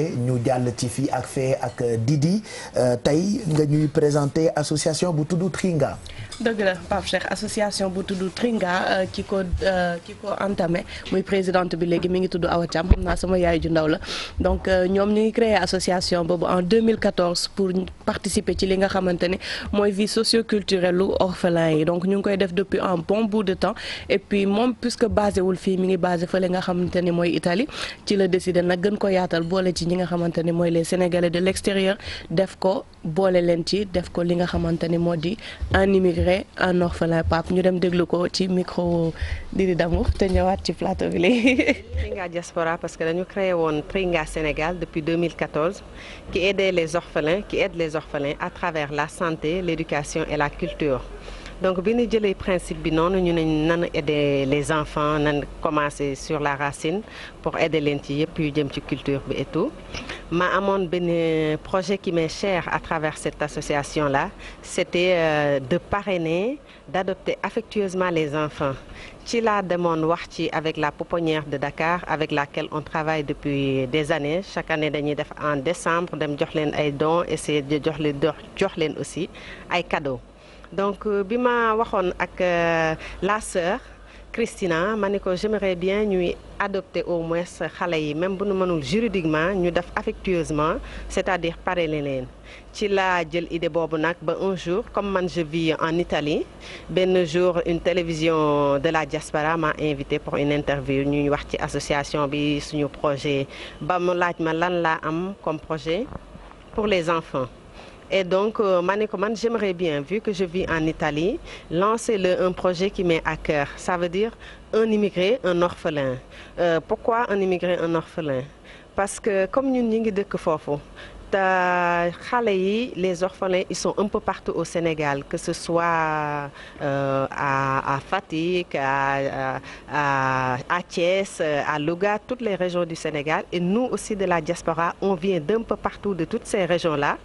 ñu jàll ci fii ak fee ak euh, Didi euh, tey nga ñuy présenter association bu tudd Tringa dëgg la Pape association bu tudd Tringa euh, ki ko euh, ki ko entamé muy présidente bi léegi mu ngi tudd Awa Thiam xam naa sama yaay ju ndaw la donc euh, ñoom ñu ngi créé association boobu en 2014 pour participer ci li nga xamante ne mooy vie socioculturelle lu orphelin yi donc ñu ngi koy def depuis un bon bout de temps et puis moom puisque basé wul fii mi ngi basé fële nga xamante ne mooy Italie ci la décidé nag gën ko yaatal boole ci ñi nga xamante ne mooy les Sénégalais de def ko boole leen ci def ko li nga xamante ne moo di Gorée un orphelin Pape ñu dem déglu ko ci micro Didi damu te ñëwaat ci plateau bi léegi. Pringa Diaspora parce que dañu créé woon Pringa Sénégal depuis 2014 qui aidait les orphelins qui aide les orphelins à travers la santé l'éducation et la culture. donc bi jële principe bi noonu ñu ne nan aider les enfants na commencer sur la racine pour aider leen ci yëpp yu jëm ci culture bi et tout ma amoon benn projet qui m'est cher à travers cette association là c'était euh, de parrainer d'adopter affectueusement les enfants ci la demoon wax ci avec la pouponnière de Dakar avec laquelle on travaille depuis des années chaque année dañuy def en décembre dem jox leen ay dons essayer de jox jox leen aussi ay cadeaux donc euh, bi ma waxoon ak euh, la sœur Christina ma ne ko j'aimerais bien ñuy adopter au moins xale yi même bu nu mënul juridiquement ñu def affectueusement c'est-à-dire parrainer leen ci laa jël idée boobu nag ba un jour comme man je vis en Italie benn jour une télévision de la diaspora m'a invité pour une interview ñuy wax ci association bi suñu projet ba mu laaj ma lan laa am comme projet pour les enfants et donc ma ne ko man j'aimerais bien vu que je vis en Italie lancer le un projet qui m'est à cœur ça veut dire un immigré un orphelin euh, pourquoi un immigré un orphelin parce que comme ñun ñi ngi dëkk foofu Euh, xale yi les orphelins ils sont un peu partout au Sénégal que ce soit euh, à à Fatick à à à Thiès à Louga toutes les régions du Sénégal et nous aussi de la diaspora on vient d'un peu partout de toutes ces régions là.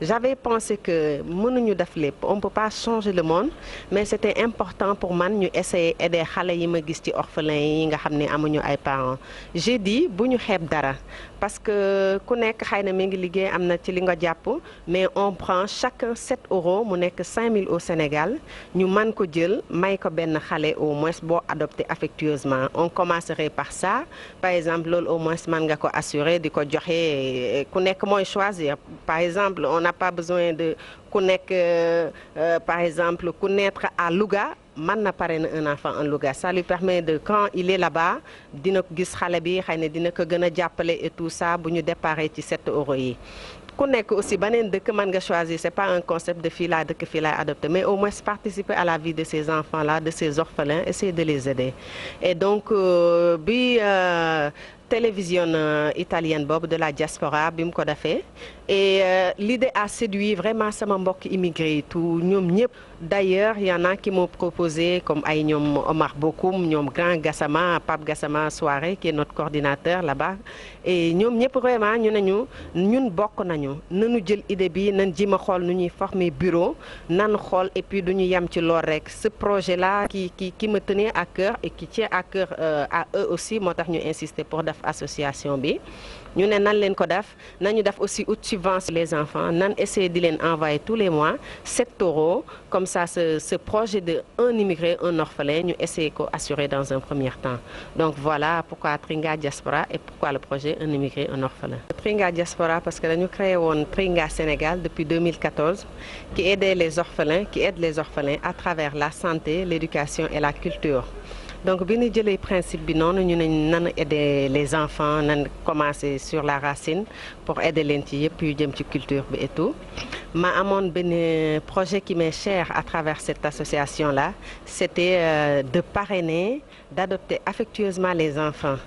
J'avais pensé que mënuñu def lépp on peut pas changer le monde mais c'était important pour man ñu essayer aider xale yi ma gis ci orphelins yi nga xam ne amuñu ay parents j'ai dit bu ñu xeeb dara. parce que ku nekk xëy na mi ngi liggéey am na ci li nga jàpp mais on prend chacun 7 euros mu nekk 5000 au Sénégal ñu man ko jël may ko benn xale au moins boo adopté affectueusement on commencerait par ça par exemple lool au moins man nga ko assurer di ko joxe ku nekk mooy choisir par exemple on n'a pas besoin de ku nekk euh, euh, par exemple ku naître à Louga. Manna na un enfant en Louga ça lui permet de quand il est là-bas dina ko gis xale bi xëy ne dina ko gën a jàppale et tout ça bu ñu déparé ci 7 euros yi. ku nekk aussi beneen dëkk mën nga choisir c'est pas un concept de fii laa dëkk fii adopté mais au moins participer à la vie de ces enfants là de ces orphelins essayer de les aider et donc euh, bi. Euh, télévision euh, italienne boobu de la diaspora bi mu ko defee et euh, l'idée à séduit vraiment sama mbokk immigré yi tout ñoom ñëpp d'ailleurs y en a qui m'ont proposé comme ay ñoom Omar Bokoum ñoom Grand Gassama Pape Gassama Soare qui est notre coordinateur là-bas et ñoom ñëpp vraiment ñu nañu ñun bokk nañu nañu jël idée bi nañ ji ma xool nu ñuy former bureau nan xool et puis du ñu yem ci lool rek ce projet la qui qui qui me tenait à cœur et qui tient à cœur euh, à eux aussi moo tax ñu insister pour def association bi ñu ne nan leen ko def nañu def aussi ut subvention les enfants nan essayer di leen envoyer tous les mois 7 euros comme ça ce ce projet de un immigré un orphelin ñu essayer ko assurer dans un premier temps donc voilà pourquoi Tringa Diaspora et pourquoi le projet un immigré un orphelin. Tringa Diaspora parce que dañu créé woon Tringa Sénégal depuis 2014 qui aidait les orphelins qui aide les orphelins à travers la santé l'éducation et la culture. donc bi ñu jëlee principe bi noonu ñu ne nan aider les enfants nan commencer sur la racine pour aider leen ci yëpp yu jëm ci culture bi et tout ma amoon benn projet qui m'est cher à travers cette association là c'était euh, de parrainer d'adopter affectueusement les enfants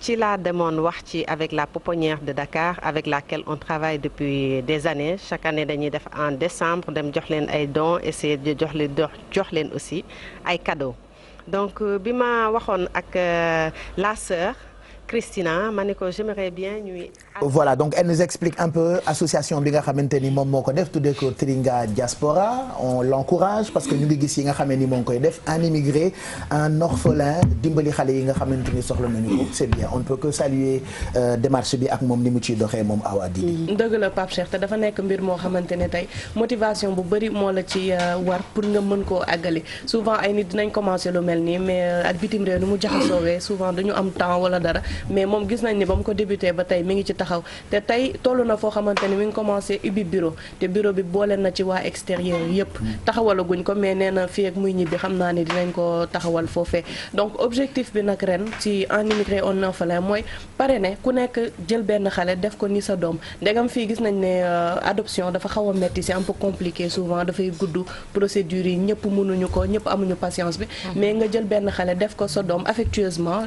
ci la demoon wax ci avec la pouponnière de Dakar avec laquelle on travaille depuis des années chaque année dañuy def en décembre dem jox leen ay don essayer de jox leen jox leen aussi ay cadeaux donc euh, bi ma waxoon ak euh, la sœur Christina ma ne ko j'aimerais bien ñuy. voilà donc elle nous explique un peu association bi nga xamante ni moom moo ko def tuddee ko Tringa Diaspora on l'encourage parce que ñu ngi gis yi nga xam ne ni moo koy def un immigré un orphelin dimbali xale yi nga xamante ni soxla nañu ko c'est bien on ne peut que saluer euh, démarche bi ak moom ni mu ciy doxee moom Awa Didi. Mm-hmm. dëgg la Pape Cheikh te dafa nekk mbir moo xamante ne tey motivation bu bëri moo la ci euh, war pour nga mën koo àggali souvent ay nit dinañ lu mel nii mais euh, ak bitim réew ni mu jaxasoowee souvent duñu am temps wala dara. mais moom gis nañ ni ba mu ko débuté ba tey mi ngi ci taxaw te tey toll na foo xamante ni mi ngi commencé ubbi bureau te bureau bi boole na ci waa extérieur yëpp taxawalaguñ ko mais nee na fii ak muy ñibbi xam naa ni dinañ ko taxawal foofee donc objectif bi nag ren ci en immigré en orphelin mooy pare ne ku nekk jël benn xale def ko ni sa doom ndegam fii gis nañ ne euh, adoption dafa xaw a metti c'est un peu compliqué souvent dafay gudd procédure yi ñëpp mënuñu ko ñëpp amuñu patience bi mm-hmm. mais nga jël benn xale def ko sa doom affectueusement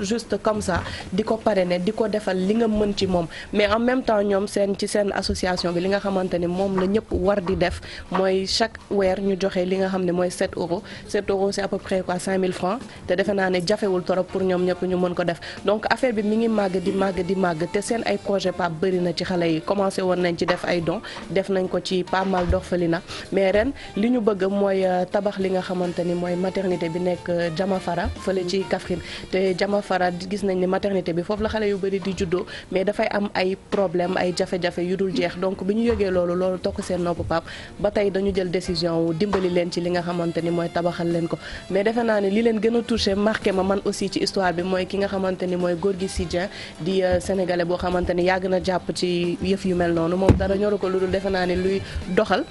ko parrainer di ko defal li nga mën ci moom mais en même temps ñoom seen ci seen association bi li nga xamante ni moom la ñëpp war di def mooy chaque weer ñu joxe li nga xam ne mooy set euros 7 euros c'est à près quoi 5000 francs te defe naa ne jafewul torop pour ñoom ñëpp ñu mën ko def donc affaire bi mu ngi màgg di màgg di màgg te seen ay projet Pape bëri na ci xale yi commencé woon nañ ci def ay dons def nañ ko ci pas mal na mais ren li ñu bëgg mooy euh, tabax li nga xamante ni mooy maternité bi nekk euh, Jamafara fële ci Kaffrine te Jamafara nañ ni maternité bi foofu la xale yu bëri di juddoo mais dafay am ay problème ay jafe-jafe yu dul jeex donc bi ñu yëgee loolu loolu tokk seen nopp pap ba tey dañu jël décision wu dimbali leen ci li nga xamante ni mooy tabaxal leen ko mais defe naa ne li leen gën a touché marqué ma man aussi ci histoire bi mooy ki nga xamante ni mooy Gorgui Sy Dieng di euh, sénégalais boo xamante ni yàgg na jàpp ci yëf yu mel noonu moom dara ñoru ko lu dul defe naa ne luy doxal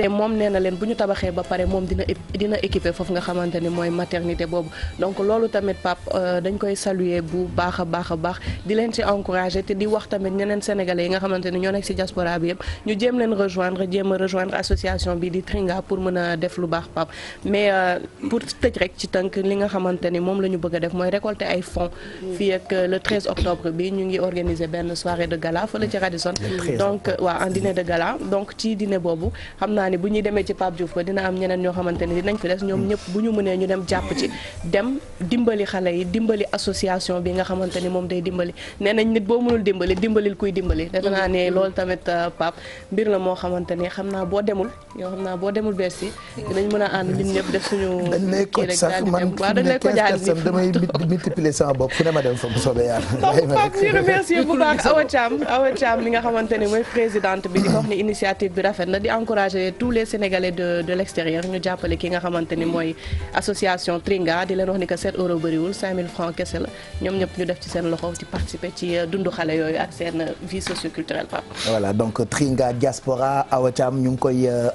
te moom nee na leen bu ñu tabaxee ba pare moom dina dina équiper foofu nga xamante ni mooy maternité boobu donc loolu tamit Pape euh, dañ koy saluer bu baax a baax a baax di leen ci encourager te di wax tamit ñeneen sénégalais yi nga xamante ni ñoo nekk ci diaspora bi yëpp ñu jéem leen rejoindre jéem a rejoindre bi di Tringa pour mën a def lu baax Pape mais euh, pour tëj rek ci tënk li nga xamante ni moom la ñu bëgg def mooy récolter ay fonds fii ak euh, le 13 octobre bi ñu ngi organiser benn soirée de gala fële ci Radisson donc waaw un dîner de gala donc ci dîner boobu xam naa naa ni bu ñuy demee ci Pape Diouf ba dina am ñeneen ñoo xamante dinañ fi des ñoom ñëpp bu ñu mënee ñu dem jàpp ci dem dimbali xale yi dimbali association bi nga xamante ni moom day dimbali nee nañ nit boo mënul dimbali dimbalil kuy dimbali defe naa ne loolu tamit euh, Pape mbir la a ànd ñun ñëpp ma dem fa bu soobee yàlla Pape ñu remercier bu baax Awa Thiam Awa Thiam li nga xamante ni mooy présidente bi di ko wax ni initiative bi rafet na di encourager invité tous les Sénégalais de de l'extérieur ñu jàppale ki nga xamante ni mooy association Tringa di leen wax ni que 7 euros bëriwul 5000 francs kese la ñoom ñëpp ñu def ci seen loxo ci participer ci euh, dundu xale yooyu ak seen euh, vie socioculturelle Pape. voilà donc Tringa diaspora Awa Thiam ñu ngi euh,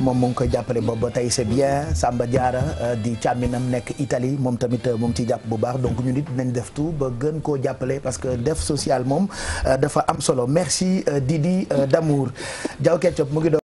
mm. moom mu ngi koy jàppale boobu ba tey c'est bien Samba Diarra di càmminam nekk Italie moom tamit moom ci jàpp bu baax donc ñu nit dinañ def tout ba gën koo jàppale parce que def social moom vie euh, d'amour Diaw Ketchup mu ngi